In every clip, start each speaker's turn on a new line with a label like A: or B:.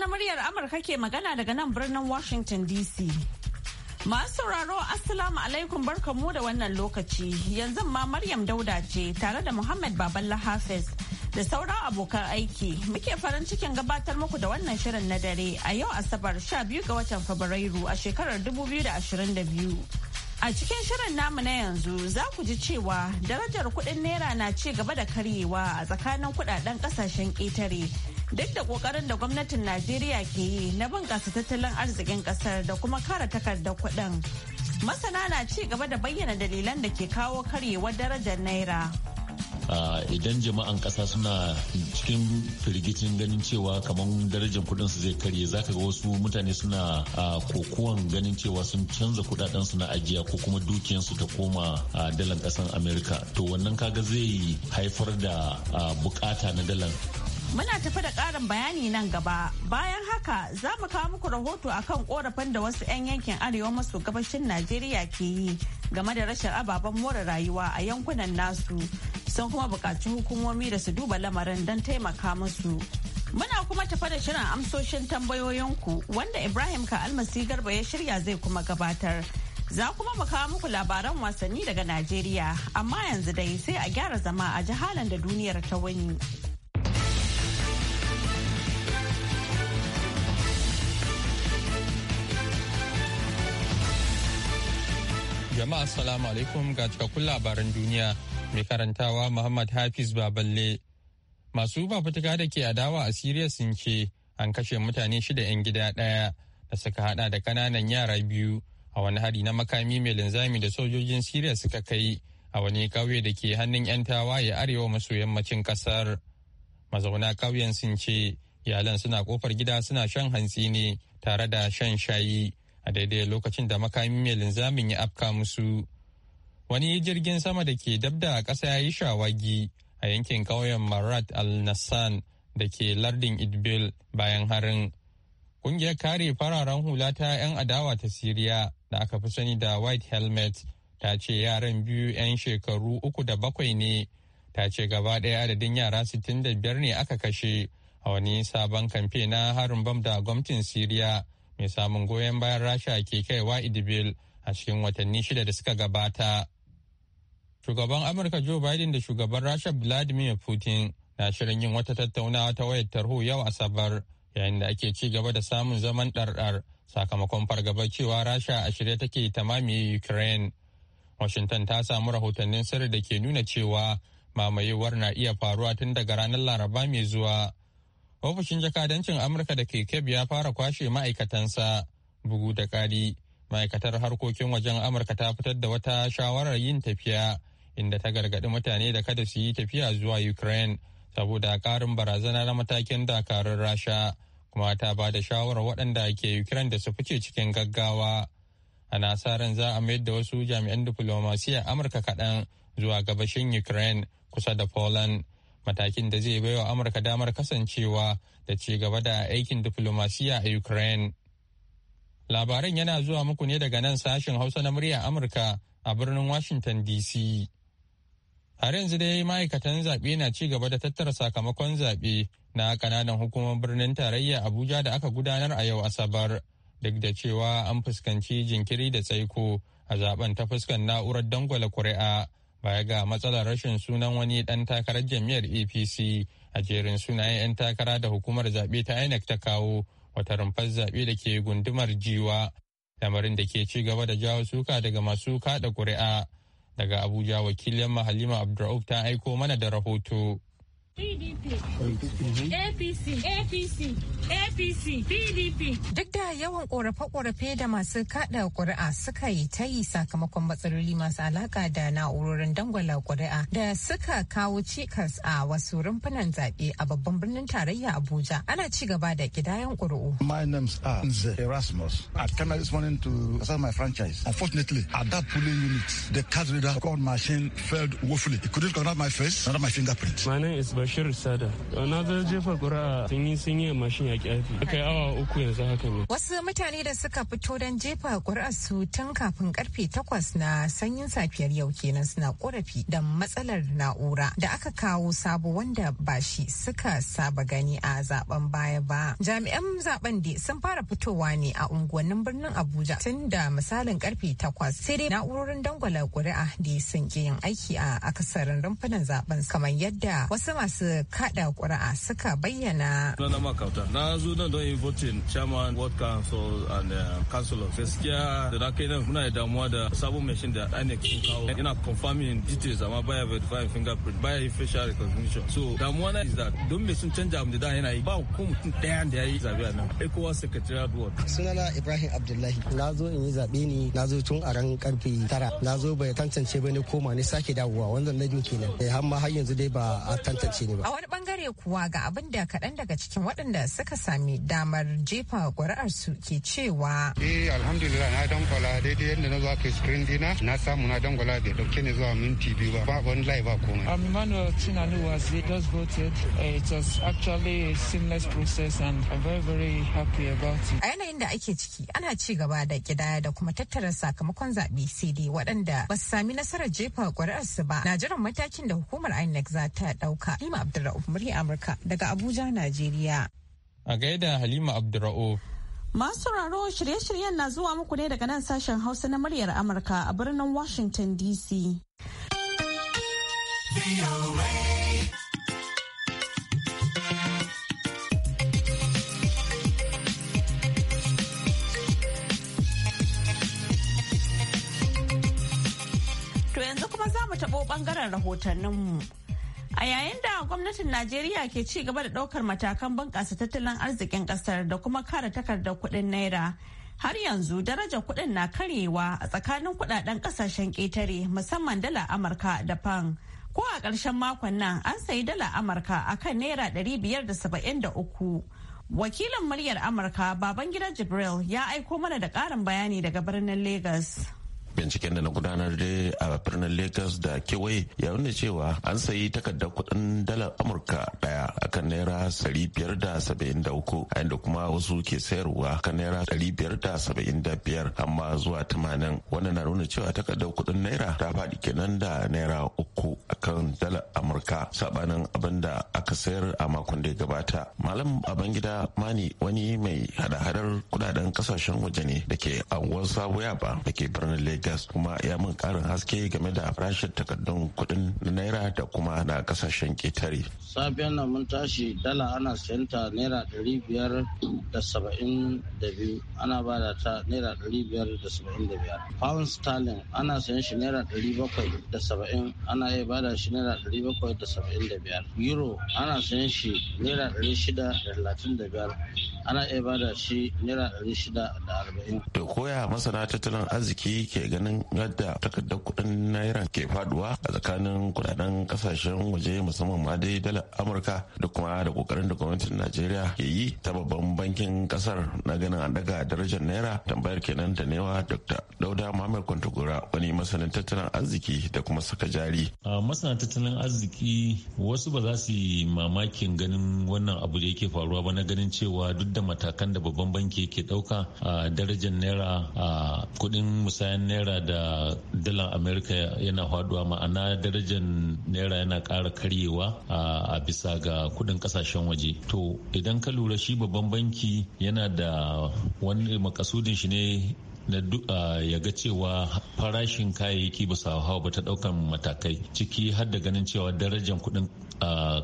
A: na muryar Amurka ke magana daga nan birnin Washington DC. Masu sauraro Assalamu alaikum mu da wannan lokaci. Yanzu ma Maryam Dauda ce tare da Muhammad Baballa Hafiz da sauran abokan aiki. Muke farin cikin gabatar muku da wannan shirin na dare a yau Asabar 12 ga watan Fabrairu a shekarar 2022. A cikin shirin namu na yanzu za ku ji cewa darajar kuɗin naira na ci gaba da karyewa a tsakanin kuɗaɗen ƙasashen ƙetare duk da kokarin da gwamnatin najeriya ke yi na bunƙasa tattalin arzikin ƙasar da kuma kara takardar kuɗin masana na ci gaba da bayyana dalilan da ke kawo karyewar darajar naira
B: idan jama'an ƙasa suna cikin firgicin ganin cewa kamar darajar kudin su zai karye zaka ga wasu mutane suna kokowan ganin cewa sun canza kudaden su na ajiya ko kuma dukiyan ta koma dalan ƙasan amerika to wannan kaga zai haifar da bukata na dalan
A: Muna tafi da ƙarin bayani nan gaba. Bayan haka za mu kawo muku rahoto akan korafin da wasu 'yan yankin arewa maso gabashin Najeriya ke yi game da rashin ababen more rayuwa a yankunan nasu. Sun kuma buƙaci hukumomi da su duba lamarin don taimaka musu. Muna kuma tafa da shirin amsoshin tambayoyinku wanda Ibrahim ka almasi garba ya shirya zai kuma gabatar. Za kuma mu kawo muku labaran wasanni daga Najeriya, amma yanzu dai sai a gyara zama a jihalan da duniyar ta wani.
C: Jama'a salamu alaikum ga cikakkun labaran duniya mai karantawa Muhammad Hafiz Baballe. Masu fafutuka da ke adawa a Siriya sun ce an kashe mutane shida 'yan gida ɗaya da suka hada da kananan yara biyu a wani hari na makami mai linzami da sojojin Siriya suka kai a wani ƙauye da ke hannun 'yan tawaye arewa maso yammacin ƙasar. Mazauna ƙauyen sun ce iyalan suna kofar gida suna shan hantsi ne tare da shan shayi a daidai lokacin da makami mai linzamin ya afka musu wani jirgin sama da ke dabda da ƙasa ya yi shawagi a yankin ƙauyen marat al-nassan da ke lardin idbil bayan harin ƙungiyar kare fararen hula ta 'yan adawa ta siriya da aka fi sani da white helmet ta ce yaran biyu 'yan shekaru uku da bakwai ne ta ce gaba ɗaya adadin yara da biyar ne aka kashe a wani sabon kamfe na harin bam da gwamnatin siriya mai samun goyon bayan rasha ke kaiwa Idibil a cikin watanni shida da suka gabata shugaban amurka joe biden da shugaban rasha vladimir putin na shirin yin wata tattaunawa ta wayar tarho yau asabar yayin da ake ci gaba da samun zaman ɗarɗar sakamakon fargaba cewa rasha a shirye take ta ukraine washington ta samu rahotannin sirri da ke nuna cewa mamayewar na iya faruwa tun daga ranar laraba mai zuwa ofishin jakadancin amurka da ke ya fara kwashe ma'aikatansa bugu da ƙari ma'aikatar harkokin wajen amurka ta fitar da wata shawarar yin tafiya inda ta gargaɗi mutane da kada su yi tafiya zuwa ukraine saboda ƙarin barazana na matakin dakarun rasha kuma ta ba da shawarar waɗanda ke ukraine da su fice cikin gaggawa a nasarar za a mayar da wasu jami'an diflomasiyyar amurka kaɗan zuwa gabashin ukraine kusa da poland matakin da zai baiwa amurka damar kasancewa da ci gaba da aikin diflomasiya a ukraine labaran yana zuwa muku ne daga nan sashen hausa na murya amurka a birnin washington dc har yanzu dai ma'aikatan zaɓe na ci gaba da tattara sakamakon zaɓe na kananan hukumar birnin tarayya abuja da aka gudanar a yau asabar duk da cewa an fuskanci jinkiri da tsaiko a zaben ta fuskan na'urar dangwala kuri'a baya ga matsalar rashin sunan wani ɗan takarar jam'iyyar apc a jerin sunayen 'yan takara da hukumar zaɓe ta inec ta kawo wata rumfar zaɓe da ke gundumar jiwa lamarin da ke ci gaba da jawo suka daga masu kaɗa ƙuri'a daga abuja wakilin mahalima abdur'uf ta aiko mana da rahoto APC,
A: APC, APC, PDP. Duk da yawan korafe-korafe
D: da masu kada ƙuri'a suka yi ta yi sakamakon matsaloli masu alaka da na'urorin dangwala ƙuri'a da suka kawo cikas a wasu rumfunan zaɓe a babban birnin tarayya Abuja. Ana ci gaba da kidayan ƙuri'u. My name's are
E: Nze Erasmus. I came
F: this morning to sell my franchise.
E: Unfortunately, at that polling unit, the card reader called machine failed woefully. It couldn't connect my face, not my fingerprint. My name is Bashir. Bashir Sada. Na jefa
G: kura sun yi sun yi mashin ya kyafi. Aka yi awa uku yanzu haka ne.
D: Wasu mutane da suka fito don jefa kura su tun kafin karfe takwas na sanyin safiyar yau kenan suna korafi da matsalar na'ura da aka kawo sabo wanda ba shi suka saba gani a zaben baya ba. Jami'an zaben da sun fara fitowa ne a unguwannin birnin Abuja tun da misalin karfe takwas sai dai na'urorin dangwala kuri'a da sun yin aiki a akasarin rumfunan zaben kamar yadda wasu masu masu kada ƙuri'a suka bayyana.
G: Sunana makauta na zo nan don voting chairman ward council and uh, councilors. Gaskiya da na kai nan muna damuwa da sabon machine da INEC sun kawo yana confirming details amma baya verifying fingerprint baya yi facial recognition. So damuwa na is that don me sun canja abin da yana yi ba ko mutum ɗaya da ya yi zaɓe a nan. Ekowa secretariat ward.
H: Sunana Ibrahim Abdullahi. Na zo in yi zaɓe ni na zo tun a ran karfe tara na zo bai tantance ba ni koma ne sake dawowa wanzan na biyu kenan. Eh, har ma har yanzu dai ba a tantance ce ne ba. A wani
D: bangare kuwa ga abin da kaɗan daga cikin waɗanda suka sami damar jefa ƙuri'arsu ke cewa. Eh
E: alhamdulillah na dangwala daidai yadda na zuwa kai screen dina na samu na dangwala bai dauke ne zuwa minti biyu ba babu wani layi ba komai.
I: Um, Emmanuel Tinanu was just voted. it was actually a seamless process and I'm very very happy about it. A
D: yanayin da ake ciki ana ci gaba da kidaya da kuma tattara sakamakon zaɓe sai dai waɗanda ba su sami nasarar jefa ƙuri'arsu ba na jiran matakin da hukumar INEC za ta ɗauka. Halima Abdulra'uf murya Amurka daga Abuja,
A: Najeriya.
C: A gaida Halima Abdulra'uf.
A: Masu raro shirye-shiryen na zuwa muku ne daga nan sashen Hausa na muryar Amurka a birnin Washington DC. To yanzu kuma za mu taɓo ɓangaren rahotanninmu. A yayin da gwamnatin Najeriya ke ci gaba da ɗaukar matakan bunƙasa tattalin arzikin ƙasar da kuma kare takardar kuɗin naira. Har yanzu daraja kuɗin na karyewa a tsakanin kuɗaɗen ƙasashen ƙetare musamman dala Amurka da Pan. Ko a ƙarshen makon nan an sayi dala Amurka a kan naira ɗari biyar da saba'in da uku. Wakilin muryar Amurka Babangida Jibril ya aiko mana da ƙarin bayani daga birnin Legas.
I: binciken da na gudanar da a birnin lagos da kewaye ya nuna cewa an sayi takardar kuɗin dalar amurka daya akan naira sari biyar da saba'in da uku a inda kuma wasu ke sayarwa kan naira dari biyar da saba'in da biyar amma zuwa tamanin wannan na nuna cewa takardar kuɗin naira ta faɗi kenan da naira uku akan dalar amurka sabanin abin da aka sayar a makon da ya gabata malam gida mani wani mai hada-hadar kudaden kasashen waje ne da ke anguwar sabuwa ba da ke birnin lagos Lagos kuma ya mun karin haske game da farashin takardun kuɗin naira da kuma na kasashen ƙetare.
H: Safiyan nan mun tashi dala ana sayan ta naira dari biyar da saba'in da biyu ana ba da ta naira dari biyar da saba'in da biyar. Pound sterling ana sayan shi naira dari bakwai da saba'in ana iya ba da shi naira dari bakwai da saba'in da biyar. Euro ana sayan shi naira dari shida da talatin da biyar. ana iya bada shi naira ɗari shida da arba'in.
I: To koya masana tattalin arziki ke ganin yadda takardar kuɗin naira ke faduwa a tsakanin kuɗaɗen ƙasashen waje musamman ma dai dalar Amurka da kuma da ƙoƙarin da gwamnatin Najeriya ke yi ta babban bankin ƙasar na ganin an daga darajar naira tambayar kenan da newa Dr. Dauda Muhammad Kwantogora wani masanin tattalin arziki da kuma saka
B: jari. Masana tattalin arziki wasu ba za su yi mamakin ganin wannan abu da yake faruwa ba na ganin cewa duk da matakan da babban banki ke dauka a darajar naira a kudin musayan naira da dalar amerika yana haduwa ma'ana darajar naira yana kara karyewa a bisa ga kudin kasashen waje to idan ka lura shi babban banki yana da wani makasudin shi ne na ya ga cewa farashin kayayyaki ba su hau ba ta daukan matakai ciki har da ganin cewa darajar kudin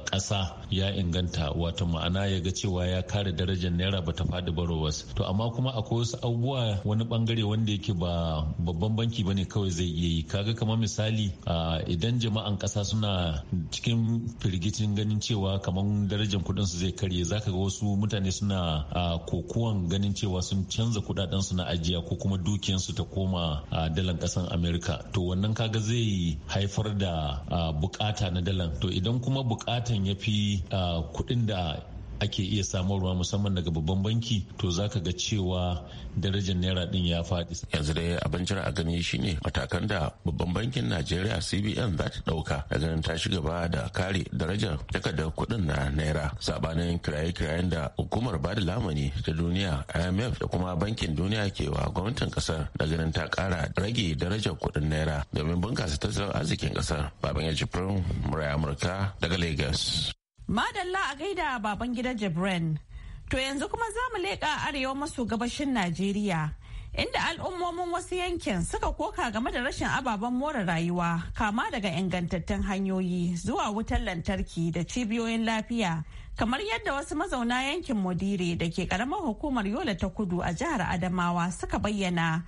B: ƙasa ya inganta wato ma'ana ya ga cewa ya kare darajar naira bata faɗi barowas to amma kuma akwai wasu abubuwa wani bangare wanda yake ba babban banki bane kawai zai iya yi kaga kamar misali idan jama'an ƙasa suna cikin firgicin ganin cewa kamar darajar kuɗin su zai karye zaka ga wasu mutane suna kokuwan ganin cewa sun canza kuɗaɗen su na ajiya ko kuma dukiyan su ta koma dalan ƙasan amerika to wannan kaga zai haifar da bukata na dalan to idan kuma bukatan ya fi ah, kuɗin da ake iya samarwa musamman daga babban banki to zaka ga cewa darajar naira din ya faɗi. yanzu dai abin jira a gani shine matakan da babban bankin najeriya cbn
I: za ta ɗauka da ganin ta shiga ba da kare darajar takardar kuɗin na naira sabanin kiraye-kirayen da hukumar bada lamani ta duniya imf da kuma bankin duniya ke wa gwamnatin kasar da ganin ta ƙara rage darajar kuɗin naira domin bunkasa tattalin arzikin kasar baban ya jibrin murai amurka daga lagos
A: Madalla a gaida baban gida Jibrin. To yanzu kuma za mu leƙa arewa maso gabashin Najeriya. Inda al'ummomin wasu yankin suka koka game da rashin ababen more rayuwa kama daga ingantattun hanyoyi zuwa wutar lantarki da cibiyoyin lafiya kamar yadda wasu mazauna yankin modire da ke karamar hukumar yola ta kudu a jihar adamawa suka bayyana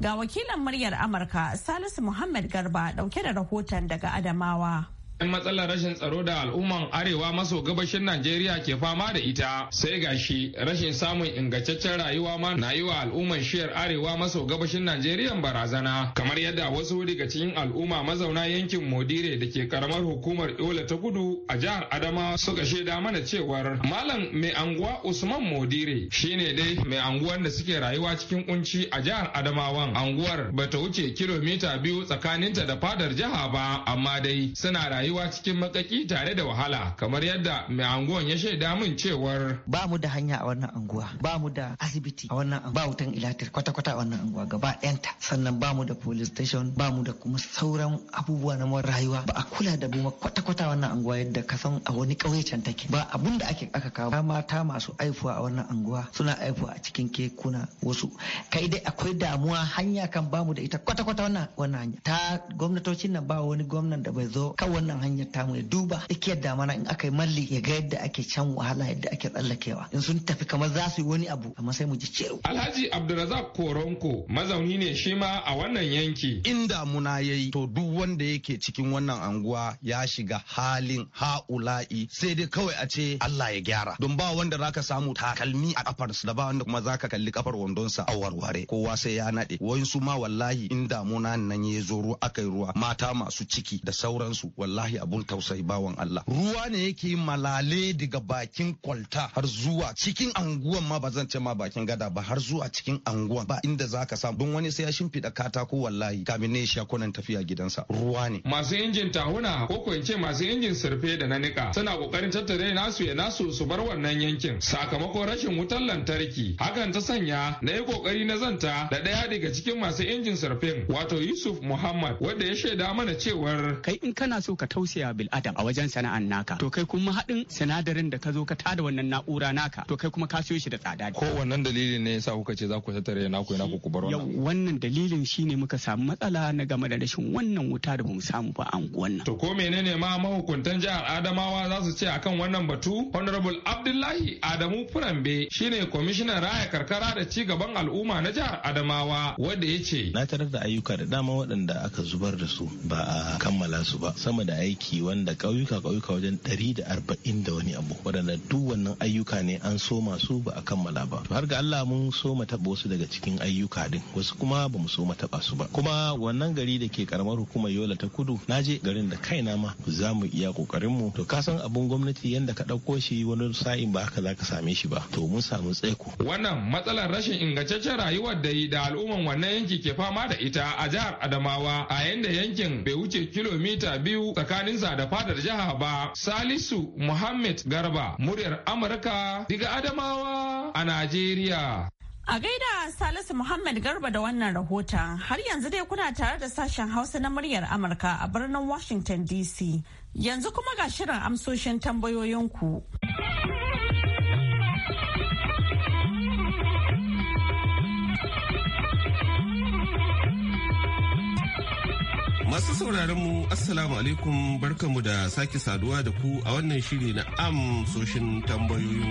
A: ga wakilin muryar amurka salisu muhammad garba dauke da rahoton daga adamawa.
J: matsalar rashin tsaro da al'umman arewa maso gabashin najeriya ke fama da ita sai gashi rashin samun ingantaccen rayuwa ma na yi wa al'umman shiyar arewa maso gabashin najeriya barazana kamar yadda wasu daga cikin al'umma mazauna yankin modire da ke karamar hukumar yola ta kudu a jihar adama suka shaida mana cewar malam mai anguwa usman modire shine dai mai anguwan da suke rayuwa cikin kunci a jihar adamawan anguwar bata wuce kilomita biyu tsakaninta da fadar jiha ba amma dai suna rayuwa rayuwa cikin matsaki tare da wahala kamar yadda mai anguwan ya shaida min
K: cewar ba mu da hanya a wannan anguwa ba mu da asibiti a wannan anguwa ba wutan ilatir kwata-kwata a wannan anguwa gaba ɗayanta sannan ba mu da police station ba mu da kuma sauran abubuwa na rayuwa ba a kula da buma kwata-kwata a wannan anguwa yadda ka san a wani ƙauye can take ba abun da ake aka kawo mata masu aifuwa a wannan anguwa suna aifuwa a cikin kekuna wasu kai dai akwai damuwa hanya kan ba mu da ita kwata-kwata wannan wannan hanya ta gwamnatocin nan ba wani gwamnan da bai zo kan wannan hanyar tamu ya duba tsakiyar mana in aka yi malli ya ga yadda ake can wahala yadda ake tsallakewa in sun tafi kamar za su yi wani abu amma sai mu ji ciro.
J: Alhaji Abdulrazak Koronko
K: mazauni ne shi ma a wannan yanki. In damuna ya yi to duk wanda yake cikin wannan anguwa ya shiga halin ha'ula'i sai dai kawai a ce Allah ya gyara don ba wanda zaka samu takalmi a kafarsa da ba wanda kuma zaka kalli kafar wandonsa a warware kowa sai ya naɗe wayansu ma wallahi in damuna nan ya zo ruwa aka yi ruwa mata masu ciki da sauransu wallahi wallahi abun tausayi bawan Allah ruwa ne yake malale daga bakin kwalta har zuwa cikin anguwan ma ba zan ce ma bakin gada ba har zuwa cikin anguwan ba inda zaka samu don wani sai ya shimfiɗa katako wallahi kamin ne shi kunan tafiya gidansa ruwa ne
J: masu injin tahuna ko ko ce masu injin surfe da na nika suna kokarin tattare nasu ya nasu su bar wannan yankin sakamakon rashin wutar lantarki hakan ta sanya na yi kokari na zanta da ɗaya daga cikin masu injin sarfen wato Yusuf Muhammad wanda ya shaida mana cewar kai
K: in kana so ka tausaya bil adam a wajen sana'an naka to kai kuma haɗin sinadarin da ka zo ka tada wannan na'ura naka to kai kuma ka siyo shi da tsada
J: ko wannan dalilin ne yasa kuka ce za ku tattare naku na ku bar
K: wannan wannan dalilin shine muka samu matsala na game da rashin wannan wuta da bamu samu ba unguwan nan to
J: ko menene ma mahukuntan jihar Adamawa za su ce akan wannan batu honorable Abdullahi Adamu Furambe shine commissioner raya karkara da ci gaban al'umma na jihar
E: Adamawa wanda yace ce na tarar da ayyuka da dama waɗanda aka zubar da su ba a kammala su ba sama da aiki wanda kauyuka kauyuka wajen ɗari da arba'in da wani abu waɗanda duk wannan ayyuka ne an so masu ba a kammala ba har ga Allah mun so taɓa wasu daga cikin ayyuka din wasu kuma ba mu so taɓa su ba kuma wannan gari da ke karamar hukumar Yola ta Kudu na je garin da kaina ma za mu iya kokarin mu to ka san abun gwamnati yadda ka ɗauko shi wani sa'in ba haka za ka same shi ba to mun samu tsaiko
J: wannan matsalar rashin ingantaccen rayuwar da yi da al'umman wannan yanki ke fama da ita a jihar Adamawa a yanda yankin bai wuce kilomita biyu tsakanin tsakanin da fadar jiha ba salisu muhammad garba muryar amurka diga adamawa a najeriya
A: A gaida Salisu Muhammad Garba da wannan rahoton har yanzu dai kuna tare da sashen Hausa na muryar Amurka a birnin Washington DC. Yanzu kuma ga shirin amsoshin tambayoyinku.
G: Masu sauraron mu Assalamu alaikum barkanmu da sake saduwa da ku a wannan shiri na amsoshin tambayoyin.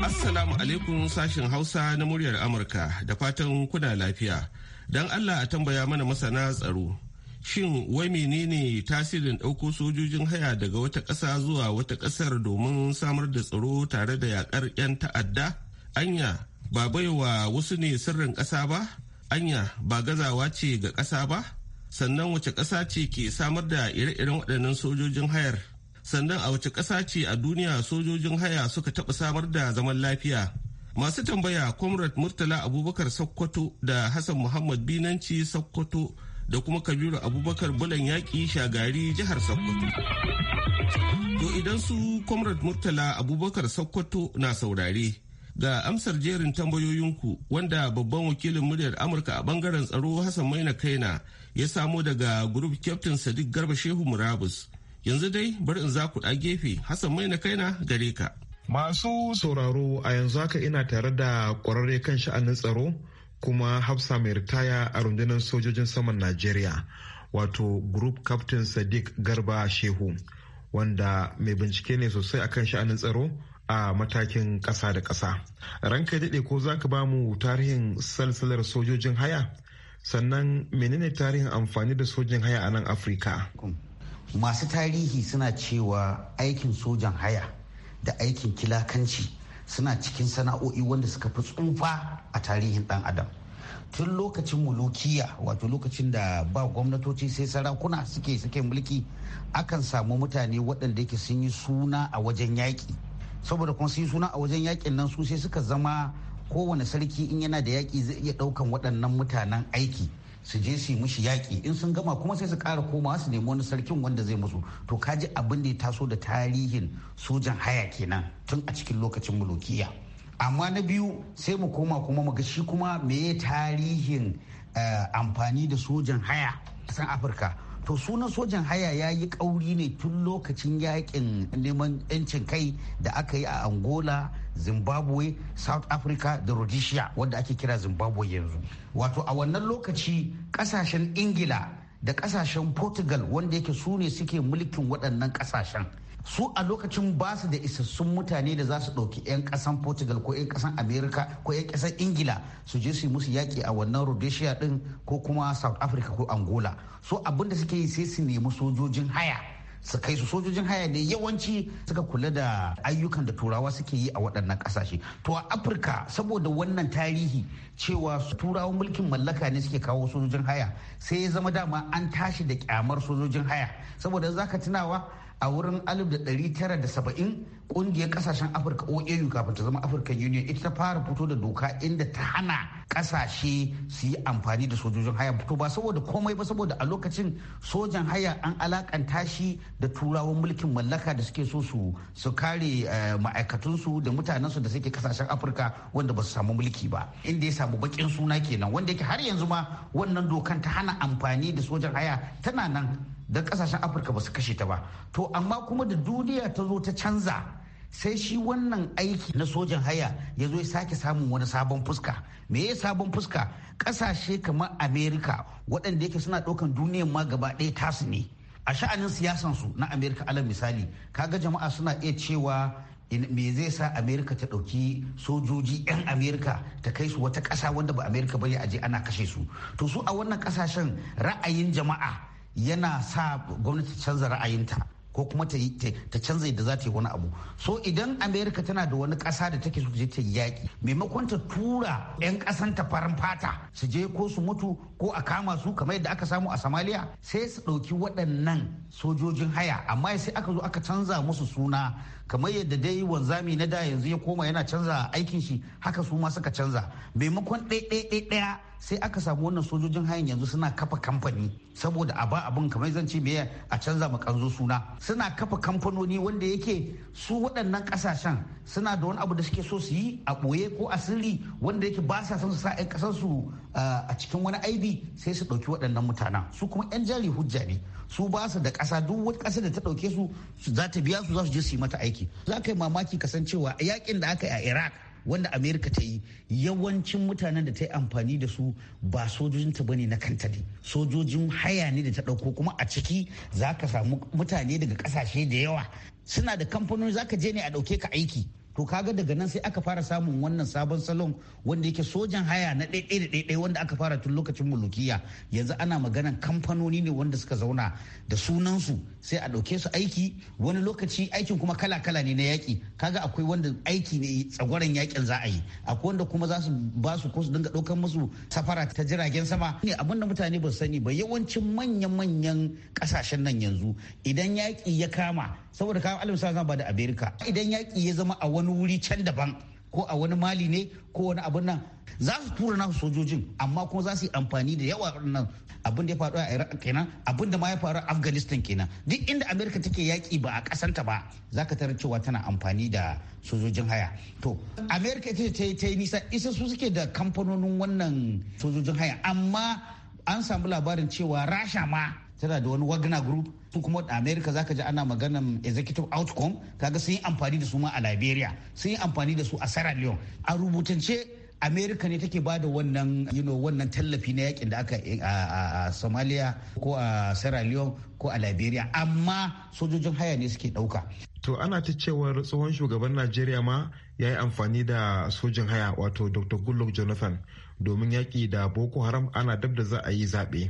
G: Assalamu alaikum sashin Hausa na muryar Amurka da fatan kuna lafiya. Don Allah a tambaya mana masana tsaro. Shin wai menene tasirin ɗauko sojojin haya daga wata ƙasa zuwa wata ƙasar domin samar da tsaro tare da yaƙar 'yan ta'adda? Anya, ba baiwa wasu ne sirrin ƙasa ba? anya ba gazawa ce ga ƙasa ba sannan wace ƙasa ce ke samar da ire-iren waɗannan sojojin hayar sannan a wace ƙasa ce a duniya sojojin haya suka taɓa samar da zaman lafiya masu tambaya comrade murtala abubakar sokoto da hassan muhammad binanci sokoto da kuma kabiru abubakar bulan yaƙi shagari jihar sokoto to idan su comrade murtala abubakar sokoto na saurare ga amsar jerin tambayoyinku wanda babban wakilin muryar amurka a bangaren tsaro hassan maina kaina ya samo daga group captain sadiq garba shehu murabus yanzu dai bari in za ku ɗa gefe hassan maina kaina gare ka
E: masu sauraro a yanzu haka ina tare da kwararre kan sha'anin tsaro kuma hafsa mai ritaya a rundunar sojojin saman najeriya wato group captain sadiq garba shehu wanda mai bincike ne sosai akan sha'anin tsaro a matakin ƙasa da ƙasa. Ranka daɗe ko za ka ba mu tarihin salsalar sojojin haya? Sannan menene tarihin amfani da sojin
K: haya a nan Afirka? Masu tarihi suna cewa aikin sojan haya da aikin kilakanci suna cikin sana'o'i wanda suka fi tsufa a tarihin ɗan adam. Tun lokacin mulukiya wato lokacin da ba gwamnatoci sai sarakuna suke suke mulki akan samu mutane waɗanda yake sun yi suna a wajen yaƙi. saboda kuma sun suna a wajen yakin nan su sai suka zama kowane sarki in yana da yaki zai iya daukan waɗannan mutanen aiki su je su yi mushi yaki. in sun gama kuma sai su ƙara komawa su nemi wani sarkin wanda zai musu to kaji abin da ya taso da tarihin sojan haya kenan tun a cikin lokacin mulukiya amma na biyu sai mu koma kuma mu ga shi kuma me tarihin eh, amfani da sojan haya a san afirka to sunan sojan haya ya yi kauri ne tun lokacin yakin neman 'yancin kai da aka yi a angola zimbabwe south africa da rhodesia wanda ake kira zimbabwe yanzu wato a wannan lokaci kasashen ingila da kasashen portugal wanda yake su ne suke mulkin waɗannan kasashen su a lokacin ba su da isassun mutane da za su ɗauki 'yan ƙasan portugal ko 'yan ƙasan america ko 'yan ƙasan ingila su je su yi musu yaƙi a wannan rhodesia ɗin ko kuma south africa ko angola so abin da suke yi sai su nemi sojojin haya su kai su sojojin haya ne yawanci suka kula da ayyukan da turawa suke yi a waɗannan ƙasashe to a afirka saboda wannan tarihi cewa turawan mulkin mallaka ne suke kawo sojojin haya sai ya zama dama an tashi da kyamar sojojin haya saboda zaka tunawa a wurin 1970 kungiyar kasashen afirka oau kafin ta zama african union ita ta fara fito da doka inda ta hana kasashe su yi amfani da sojojin haya to ba saboda komai ba saboda a lokacin sojan haya an alakanta shi da turawan mulkin mallaka da suke so su su kare eh, ma'aikatunsu da mutanensu da suke kasashen afirka wanda ba su samu mulki ba inda ya samu bakin suna kenan wanda yake har yanzu ma wannan dokan ta hana amfani da sojan haya tana nan da kasashen afirka ba su kashe ta ba to amma kuma da duniya ta zo ta canza sai shi wannan aiki na sojan haya ya zo ya sake samun wani sabon fuska me ya sabon fuska kasashe kamar amerika waɗanda yake suna ɗaukan duniyan ma gaba ɗaya tasu ne a sha'anin su na america alal misali kaga jama'a suna iya cewa me zai sa amerika ta ɗauki sojoji 'yan amerika ta kai su wata ƙasa wanda ba amerika bane aje ana kashe su to su a wannan ƙasashen ra'ayin jama'a yana sa gwamnati canza ra'ayinta ko kuma ta canza yadda za ta yi wani abu so idan america tana da wani ƙasa da take su je ta yi yaƙi maimakon ta tura 'yan ƙasan ta farin fata su je ko su mutu ko a kama su kamar yadda aka samu a somalia sai su ɗauki waɗannan sojojin haya amma sai aka zo aka canza musu suna kamar yadda dai wanzami na da yanzu ya koma yana canza aikin shi haka su ma suka canza maimakon ɗaya sai aka samu wannan sojojin hayan yanzu suna kafa kamfani saboda a ba abin kamar zan ce meye a canza ma kanzo suna suna kafa kamfanoni wanda yake su waɗannan ƙasashen suna da wani abu da suke so su yi a ɓoye ko a sirri wanda yake ba sa son su sa ƴan ƙasar su a cikin wani aibi sai su ɗauki waɗannan mutanen su kuma ƴan jari hujja ne su ba su da ƙasa duk wata ƙasa da ta ɗauke su za ta biya su za su je su yi mata aiki yake za ka yi mamaki kasancewa yakin da aka yi a iraq wanda amerika ta yi yawancin mutanen da ta yi amfani da su ba sojojinta bane na kanta ne sojojin haya ne da ta ɗauko kuma a ciki za ka samu mutane daga ƙasashe da yawa suna da kamfanoni za ka je ne a ɗauke ka aiki to kaga daga nan sai aka fara samun wannan sabon salon wanda yake sojan haya na ɗaiɗai da ɗaiɗai wanda aka fara tun lokacin mulukiya yanzu ana maganan kamfanoni ne wanda suka zauna da sunansu sai a ɗauke su aiki wani lokaci aikin kuma kala kala ne na yaƙi kaga akwai wanda aiki ne tsagwaron yaƙin za a yi akwai wanda kuma za su ba su ko su dinga ɗaukar musu safara ta jiragen sama ne abin da mutane ba su sani ba yawancin manya manyan ƙasashen nan yanzu idan yaƙi ya kama saboda kayan alim sa ba da amerika idan yaƙi ya zama a wani wuri can daban ko a wani mali ne ko wani abin nan za su tura nasu sojojin amma kuma za su yi amfani da yawa nan abin da ya faru a iraq kenan abin da ma ya faru a afghanistan kenan duk inda amerika take yaƙi ba a kasanta ba za ka tarar cewa tana amfani da sojojin haya to amerika ita ce ta yi nisa isa su suke da kamfanonin wannan sojojin haya amma an samu labarin cewa rasha ma tana da wani wagner group su kuma da america zaka ji ana maganan executive outcome kaga sun yi amfani da su ma a liberia sun yi amfani da su a sierra leone a rubutance america ne take bada wannan wannan tallafi na yakin da aka a, somalia ko a sierra leone ko a liberia amma sojojin haya ne suke dauka to ana ta cewar
E: tsohon shugaban najeriya ma ya yi amfani da sojin haya wato dr goodluck jonathan domin yaki da boko haram ana dab da za a yi zaɓe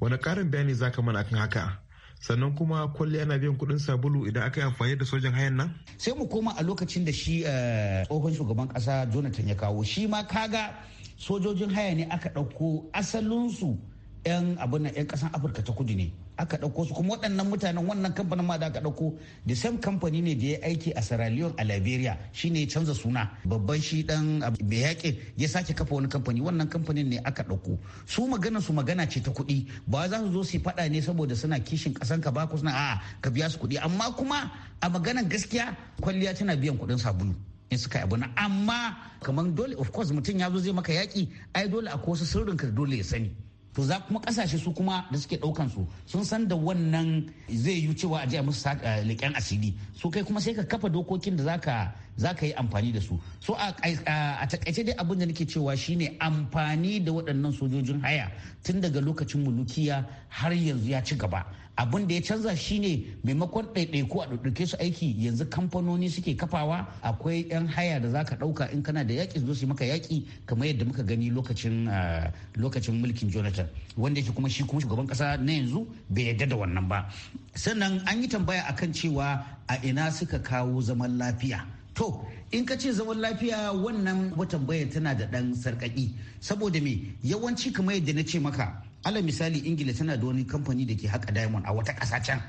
E: wani karin bayani za ka mana akan haka sannan kuma kwalli ana biyan kuɗin sabulu idan aka yi amfani da sojan hayan nan? sai
K: mu koma a lokacin da shi eh, tsohon shugaban kasa jonathan ya kawo shi ma kaga sojojin haya ne aka ɗauko asalinsu 'yan abin 'yan ƙasan afirka ta kudu ne aka ɗauko su kuma waɗannan mutanen wannan kamfanin ma da aka ɗauko the same company ne da ya aiki a Sierra Leone a Liberia shine ya canza suna babban shi dan ah, Beyake ya sake kafa wani kamfani wannan kamfanin ne aka ɗauko su magana su magana ce ta kuɗi ba za su zo su yi faɗa ne saboda suna kishin ƙasan ka ba ku suna a'a ka biya su kuɗi amma kuma a maganan gaskiya kwalliya tana biyan kuɗin sabulu in suka abu na amma kamar dole of course mutum ya zo zai maka yaƙi ai dole akwai wasu sirrin ka dole ya sani to za kuma kasashe su kuma da suke daukan su sun san da wannan zai yi cewa a je musu leƙen asiri su kai kuma sai ka kafa dokokin da zaka za ka yi amfani da su so a takaice dai abin da nake cewa shine amfani da waɗannan sojojin haya tun daga lokacin mulukiya har yanzu ya ci gaba abin da ya canza shine maimakon ɗaiɗaiku a ɗauke su aiki yanzu kamfanoni suke kafawa akwai 'yan haya da za ka ɗauka in kana da yaƙi zo su maka yaƙi kamar yadda muka gani lokacin lokacin mulkin jonathan wanda yake kuma shi kuma shugaban ƙasa na yanzu bai yadda da wannan ba sannan an yi tambaya akan cewa a ina suka kawo zaman lafiya to in ka ce zaman lafiya wannan watan baya tana da ɗan sarƙaƙi saboda me yawanci kamar yadda na ce maka ala misali ingila tana da wani kamfani da ke haƙa diamond a wata ƙasa can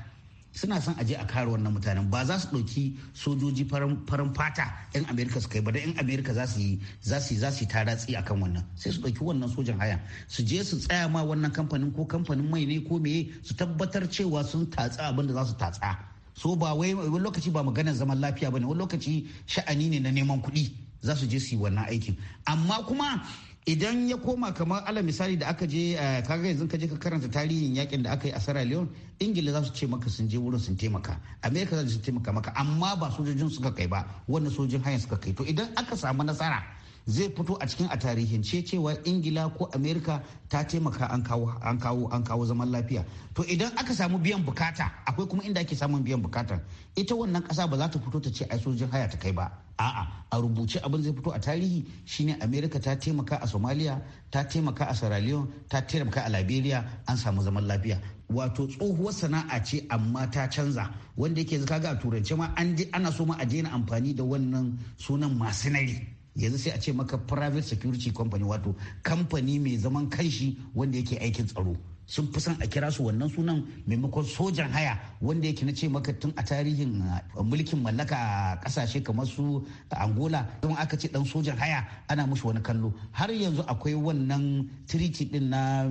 K: suna son aje a kare wannan mutanen ba za su ɗauki sojoji farin fata 'yan amerika su kai ba da 'yan amerika za su yi za su za su ta ratsi kan wannan sai su ɗauki wannan sojan haya su je su tsaya ma wannan kamfanin ko kamfanin mai ne ko meye su tabbatar cewa sun tatsa abin da za su tatsa so ba wai wani lokaci ba maganar zaman lafiya ba ne wani lokaci sha'ani ne na neman kuɗi za su je su yi wannan aikin amma kuma idan ya koma kamar ala misali da aka je eh, kaga yanzu ka je ka karanta tarihin yakin da aka yi a Sierra Leone Ingila za su ce maka sun je wurin sun taimaka Amerika za su taimaka maka amma ba sojojin suka kai ba wannan sojojin hanyar suka kai to idan aka samu nasara zai fito a cikin a tarihin ce cewa ingila ko amerika ta taimaka an kawo an kawo zaman lafiya to idan aka samu biyan bukata akwai kuma inda ake samun biyan bukata ita wannan kasa ba za ta fito ta ce ai sojin haya ta kai ba a'a a rubuce abin zai fito a tarihi shine amerika ta taimaka a somalia ta taimaka a sierra leone ta taimaka a liberia an samu zaman lafiya wato tsohuwar sana'a ce amma ta canza wanda yake kaga a turance ma an ana so ma a daina amfani da wannan sunan masinari yanzu sai a ce maka private security company wato kamfani mai zaman kanshi wanda yake aikin tsaro sun fi son a kira su wannan sunan maimakon sojan haya wanda yake na ce maka tun a tarihin uh, mulkin mallaka kasashe kamar su angola don aka ce dan sojan haya ana mushi wani kallo har yanzu akwai wannan triti din na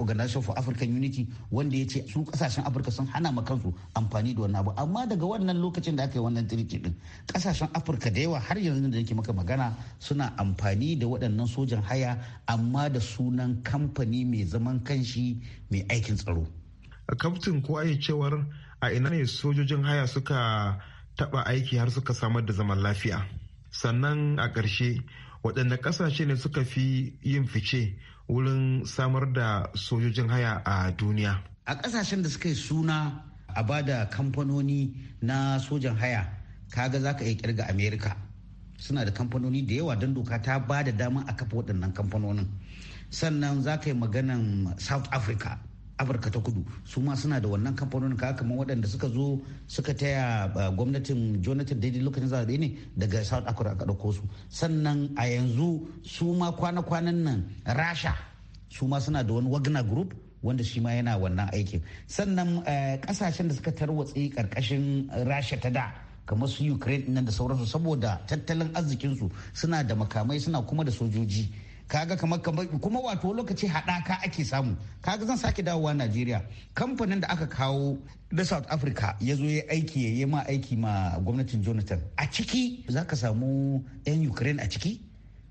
K: organization for african unity wanda ya ce su kasashen afirka sun hana ma kansu amfani da wannan abu amma daga wannan lokacin da aka yi wannan triti din kasashen afirka da yawa har yanzu da nake maka magana suna amfani da waɗannan sojan haya amma da sunan kamfani mai zaman kanshi mai aikin tsaro.
E: kaftin ko a cewar a ina ne sojojin haya suka taba aiki har suka samar da zaman lafiya sannan a ƙarshe waɗanda ƙasashe ne suka fi
K: yin fice wurin samar da sojojin haya a duniya a ƙasashen da suka yi suna a ba da kamfanoni na sojan haya kaga za ka iya kirga amerika suna da kamfanoni da yawa don doka ta ba da dama a kafa waɗannan kamfanonin sannan za ka yi maganan south africa afirka ta kudu su ma suna da wannan kamfanonin ka kamar waɗanda suka zo suka taya gwamnatin jonathan daidai lokacin zaɓe ne daga south africa ɗauko su sannan a yanzu su ma kwana-kwanan nan rasha su ma suna da wani wagner group wanda shi ma yana wannan aikin sannan kasashen eh, da suka tarwatse karkashin rasha ta da kamar su ukraine nan da sauransu saboda tattalin arzikinsu suna da makamai suna kuma da sojoji kaga kamar kamar kuma wato lokaci haɗaka ake samu kaga zan sake dawowa najeriya kamfanin da aka kawo da south africa ya zo ya aiki ya yi ma aiki ma gwamnatin jonathan a ciki za ka samu 'yan ukraine a ciki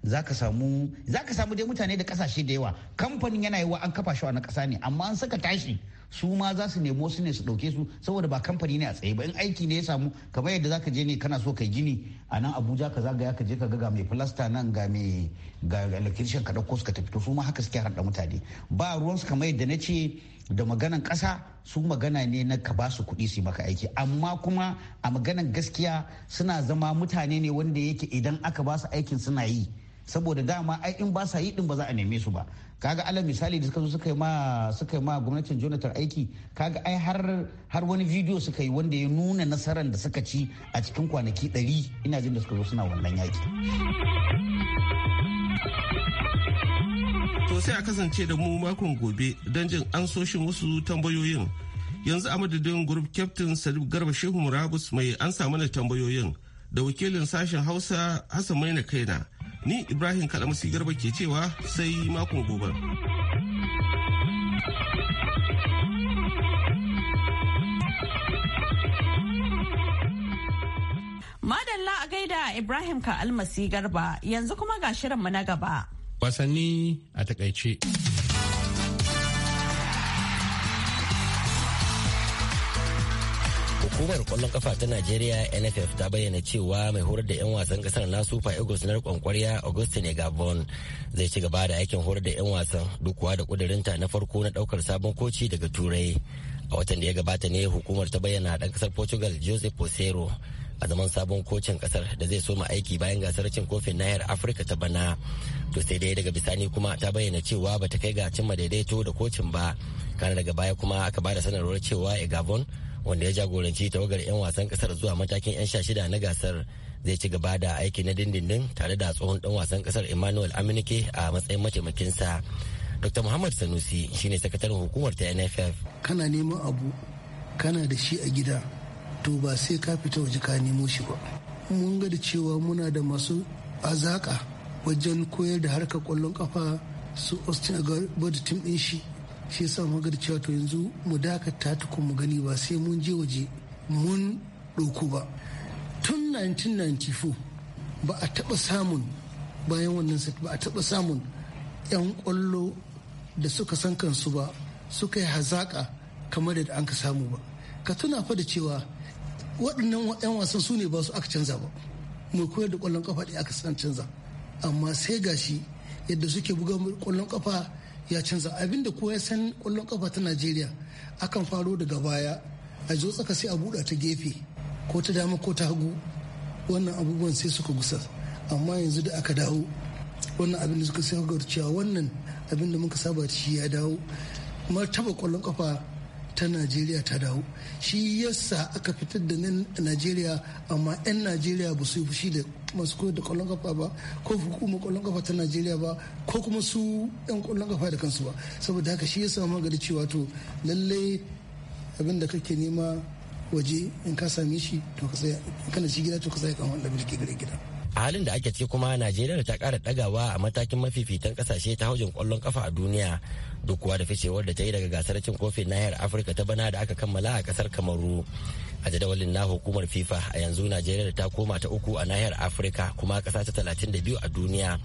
K: za ka samu za dai mutane da kasashe da yawa kamfanin yana wa an kafa shi na kasa ne amma an saka tashi su ma za su nemo su ne su dauke su saboda ba kamfani ne a tsaye ba in aiki ne ya samu kamar yadda za ka je ne kana so kai gini a nan abuja ka zagaya ka je ka ga ga mai plasta nan ga mai ga electrician ka dauko su ka tafi to su ma haka suke harɗa mutane ba ruwan su kamar yadda na ce da maganan kasa su magana ne na ka ba su kuɗi su yi maka aiki amma kuma a maganan gaskiya suna zama mutane ne wanda yake idan aka ba su aikin suna yi saboda dama ai in ba sa yi din ba za a neme su ba kaga alal misali da suka zo suka yi ma suka ma gwamnatin Jonathan aiki kaga ai har har wani video suka yi wanda ya nuna nasarar da suka ci a cikin kwanaki 100 ina jin da suka zo suna wannan yaki
G: to sai a kasance da mu makon gobe don jin ansoshin wasu tambayoyin yanzu a madadin group captain Salim garba shehu murabus mai an samu tambayoyin da wakilin sashen hausa hassan maina kaina Ni Ibrahim musu Garba ke cewa sai makon gobe.
A: Madalla a gaida Ibrahim Ka Almasi Garba yanzu kuma ga shirinmu na gaba.
C: Wasanni a takaice.
H: Hukumar kwallon kafa ta Najeriya NFF ta bayyana cewa mai horar da 'yan wasan kasar na Super Eagles na rikon kwarya Augustine Gabon zai ci gaba da aikin horar da 'yan wasan duk kuwa da kudurinta na farko na daukar sabon koci daga Turai. A watan da ya gabata ne hukumar ta bayyana dan kasar Portugal Jose Posero a zaman sabon kocin kasar da zai soma aiki bayan gasar cin kofin nahiyar Afirka ta bana. To sai dai daga bisani kuma ta bayyana cewa bata kai ga cimma daidaito da kocin ba. Kana daga baya kuma aka bada sanarwar cewa Egabon wanda ya jagoranci tawagar 'yan wasan kasar zuwa matakin 'yan sha shida na gasar zai ci gaba da aiki na dindindin tare da tsohon dan wasan kasar emmanuel aminike a matsayin mataimakinsa dr muhammad sanusi shine sakataren hukumar ta nff
F: kana neman abu kana da shi a gida to ba sai ka fita waje ka nemo shi ba mun ga da cewa muna da masu azaka wajen koyar da harkar kwallon kafa su austin agarbod tim din shi shi yasa magar cewa to yanzu mu dakata tukun mu gani ba sai mun je waje mun ɗauko ba tun 1994 ba a taɓa samun bayan wannan sati ba a taɓa samun 'yan kwallo da suka san kansu ba suka yi hazaƙa kamar da an ka samu ba ka tuna fa da cewa waɗannan 'yan wasan su ne ba su aka canza ba mai koyar da kwallon kafa da aka san canza amma sai gashi yadda suke buga ƙwallon kafa ya canza abinda ko ya san kwallon kafa ta najeriya akan faro daga baya a zo tsaka sai a buɗa ta gefe ko ta dama ko ta hagu wannan abubuwan sai suka gusa amma yanzu da aka dawo wannan abin da suka sai cewa wannan abin da muka saba shi ya dawo martaba kwallon kafa ta najeriya ta dawo shi yasa aka fitar da nan najeriya amma 'yan najeriya ba su yi fushi da masu koyar da kwallon kafa ba ko hukumar kwallon kafa ta najeriya ba ko kuma su 'yan kwallon kafa da kansu ba saboda haka shi yasa magana cewa to lallai abin da kake nema waje in ka same shi to ka tsaya kana shi gida to ka tsaya kan wanda ke gare gida
H: a halin da ake ciki kuma najeriya ta kara dagawa a matakin mafifitan kasashe ta haujin kwallon kafa a duniya duk kuwa da ficewar da ta yi daga gasar cin kofin nahiyar afirka ta bana da aka kammala a kasar kamaru a jadawalin na hukumar fifa a yanzu najeriya ta koma ta uku a nahiyar afirka kuma kasa ta 32 a duniya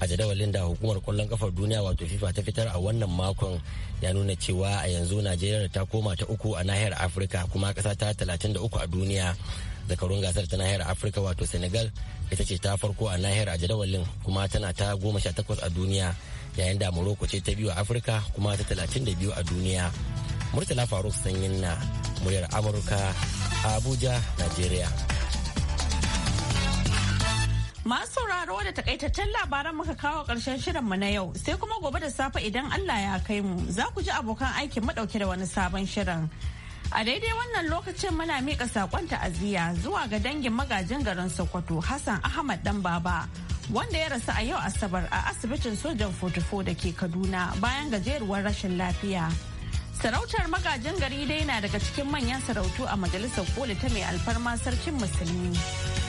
H: a jadawalin da hukumar kwallon kafar duniya wato fifa ta fitar a wannan makon ya nuna cewa a yanzu najeriya ta koma ta uku a nahiyar afirka kuma kasa ta 33 a duniya zakarun gasar ta nahiyar afirka wato senegal ita ce ta farko a nahiyar a jadawalin kuma tana ta goma sha takwas a duniya yayin da morocco ce ta biyu a afirka kuma ta talatin da biyu a duniya murtala faruk sanyin na muryar amurka a abuja nigeria
A: Masu sauraro da takaitaccen labaran muka kawo ƙarshen mu na yau sai kuma gobe da safe idan Allah ya kai mu za ku ji abokan aikin mu dauke da wani sabon shirin. A daidai wannan lokacin muna miƙa saƙon ta'aziyya zuwa ga dangin magajin garin Sokoto Hassan Ahmad dan Baba wanda ya rasu a yau Asabar a asibitin sojan 44 da ke Kaduna bayan gajeruwar rashin lafiya. Sarautar magajin gari dai na daga cikin manyan sarautu a majalisar koli ta mai alfarma sarkin musulmi.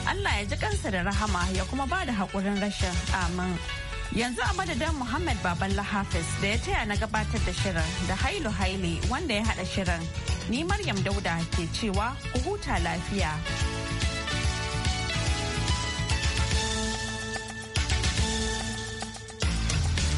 A: Allah ya ji kansa da rahama ya kuma ba da haƙurin rashin amin. Yanzu a madadin Muhammad baban lahafis da ya taya na gabatar da shirin da Hailu Haile wanda ya haɗa shirin. Ni Maryam Dauda ke cewa ku huta lafiya.